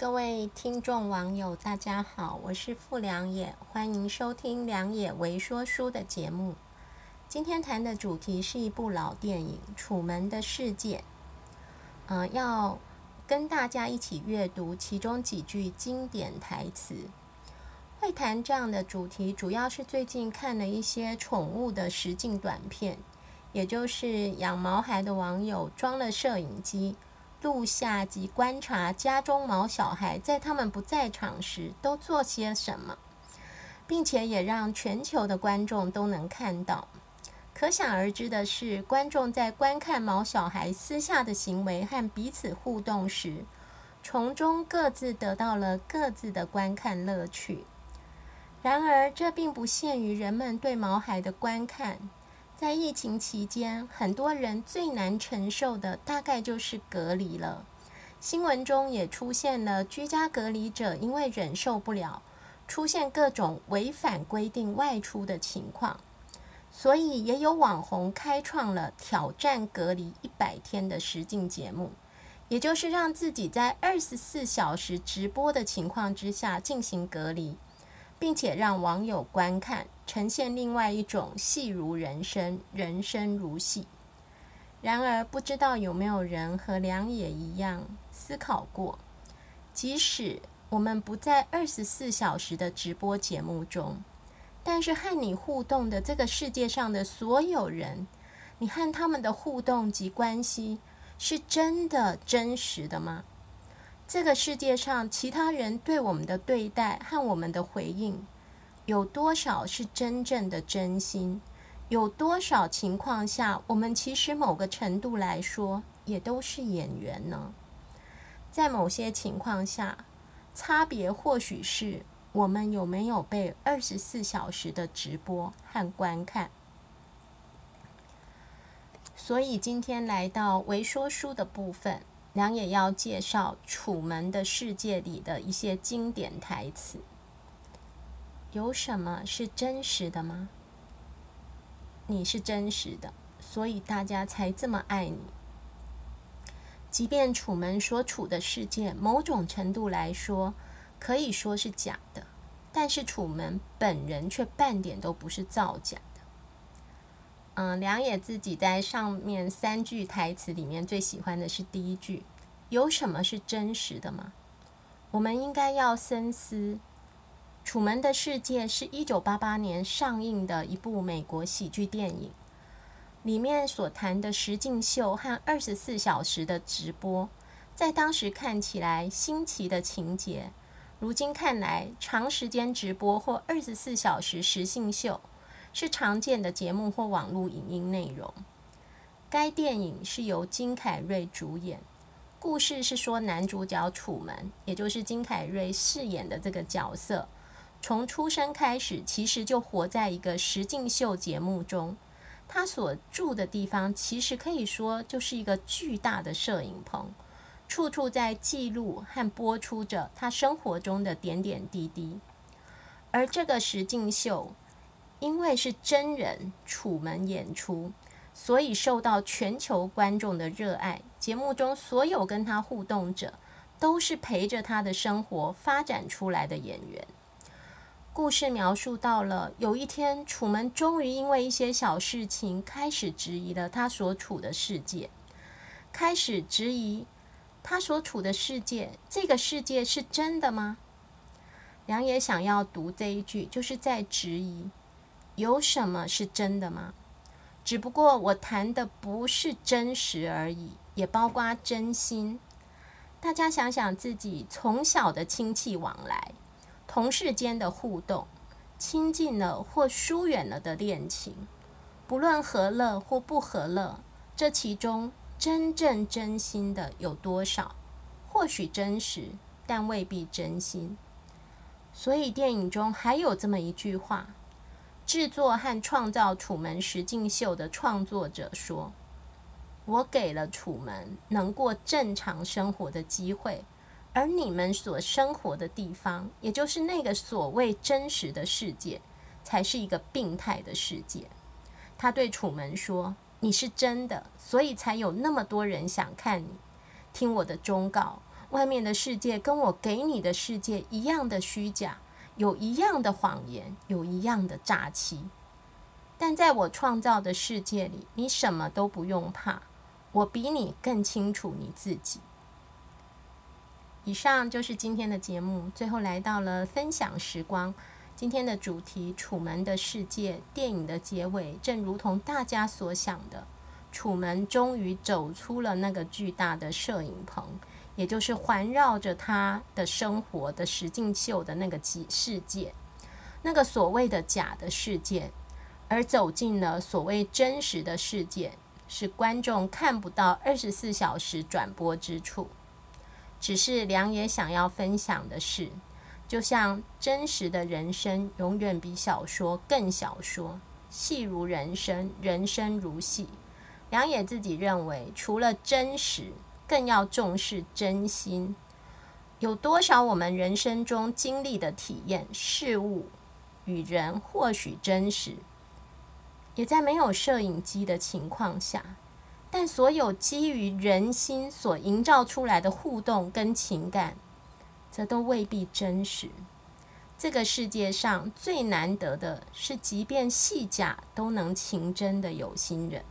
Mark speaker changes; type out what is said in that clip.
Speaker 1: 各位聽眾網友，大家好，我是傅良也，歡迎收聽《良也微說書》的節目。今天談的主題是一部老電影《楚門的世界》，呃，要跟大家一起閱讀其中幾句經典台詞。會談這樣的主題，主要是最近看了一些寵物的實境短片，也就是養毛孩的網友裝了攝影機。錄下及觀察家中毛小孩在他們不在場時，都做些什麼，並且也讓全球的觀眾都能看到。可想而知的是，觀眾在觀看毛小孩私下的行為和彼此互動時，從中各自得到了各自的觀看樂趣。然而，這並不限於人們對毛孩的觀看。在疫情期間，很多人最難承受的大概就是隔離了。新聞中也出現了居家隔離者因為忍受不了，出現各種違反規定外出的情況。所以也有網紅開創了挑戰隔離一百天的實境節目，也就是讓自己在二十四小時直播的情況之下進行隔離，並且讓網友觀看。呈現另外一種戲如人生，人生如戲。然而，不知道有沒有人和良也一樣思考過：即使我們不在二十四小時的直播節目中，但是和你互動的這個世界上的所有人，你和他們的互動及關係是真的、真實的嗎？這個世界上其他人對我們的對待和我們的回應，有多少是真正的真心？有多少情況下，我們其實某個程度來說也都是演員呢？在某些情況下，差別或許是我們有沒有被二十四小時的直播和觀看。所以今天來到微說書的部分，良也要介紹《楚門的世界》裡的一些經典台詞。有什麼是真實的嗎？你是真實的，所以大家才這麼愛你。即便楚門所處的世界，某種程度來說可以說是假的，但是楚門本人卻半點都不是造假的。嗯，良也自己在上面三句台詞裡面最喜歡的是第一句：“有什麼是真實的嗎？”我們應該要深思。《楚門的世界》是一九八八年上映的一部美國喜劇電影，裡面所談的實境秀和二十四小時的直播，在當時看起來新奇的情節，如今看來，長時間直播或二十四小時實境秀是常見的節目或網絡影音內容。該電影是由金凱瑞主演，故事是說男主角楚門，也就是金凱瑞飾演的這個角色。從出生開始，其實就活在一個實境秀節目中。他所住的地方，其實可以說就是一個巨大的攝影棚，處處在記錄和播出着他生活中的點點滴滴。而這個實境秀，因為是真人楚門演出，所以受到全球觀眾的熱愛。節目中所有跟他互動者，都是陪着他的生活發展出來的演員。故事描述到了有一天，楚門終於因為一些小事情開始質疑了他所處的世界，開始質疑他所處的世界，這個世界是真的嗎？良也想要讀這一句，就是在質疑有什麼是真的嗎？只不過我談的不是真實而已，也包括真心。大家想想自己從小的親戚往來。同事間的互動，親近了或疏遠了的戀情，不論和樂或不和樂，這其中真正真心的有多少？或許真實，但未必真心。所以電影中還有這麼一句話：“製作和創造《楚門實境秀》的創作者說，我給了楚門能過正常生活的機會。”而你們所生活的地方，也就是那個所謂真實的世界，才是一個病態的世界。他對楚門說：“你是真的，所以才有那麼多人想看你。聽我的忠告，外面的世界跟我給你的世界一樣的虛假，有一樣的謊言，有一樣的詐欺。但在我創造的世界裡，你什麼都不用怕，我比你更清楚你自己。”以上就是今天的節目。最後來到了分享時光，今天的主題《楚門的世界》電影的結尾，正如同大家所想的，楚門終於走出了那個巨大的攝影棚，也就是環繞着他的生活的實境秀的那個世界，那個所謂的假的世界，而走進了所謂真實的世界，是觀眾看不到二十四小時轉播之處。只是良也想要分享的是，就像真實的人生永遠比小說更小說，戲如人生，人生如戲。良也自己認為，除了真實，更要重視真心。有多少我們人生中經歷的體驗、事物與人，或許真實，也在沒有攝影機的情況下。但所有基於人心所營造出來的互動跟情感，則都未必真實。這個世界上最難得的是，即便戲假都能情真的有心人。